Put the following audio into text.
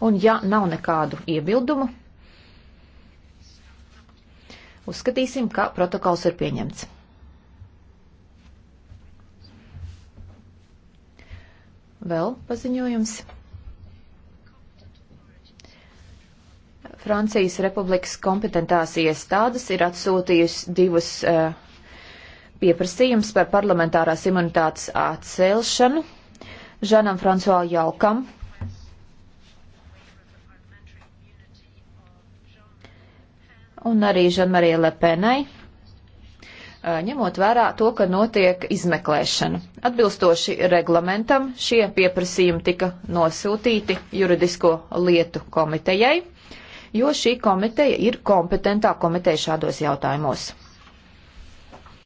Un ja nav nekādu iebildumu, uzskatīsim, ka protokols ir pieņemts. Vēl paziņojums. Francijas Republikas kompetentās iestādes ir atsūtījusi divus uh, pieprasījumus par parlamentārās imunitātes atcelšanu Žanam Fransuā Jalkam un arī Žanmarija Lepenai, ņemot vērā to, ka notiek izmeklēšana. Atbilstoši reglamentam šie pieprasījumi tika nosūtīti juridisko lietu komitejai, jo šī komiteja ir kompetentā komiteja šādos jautājumos.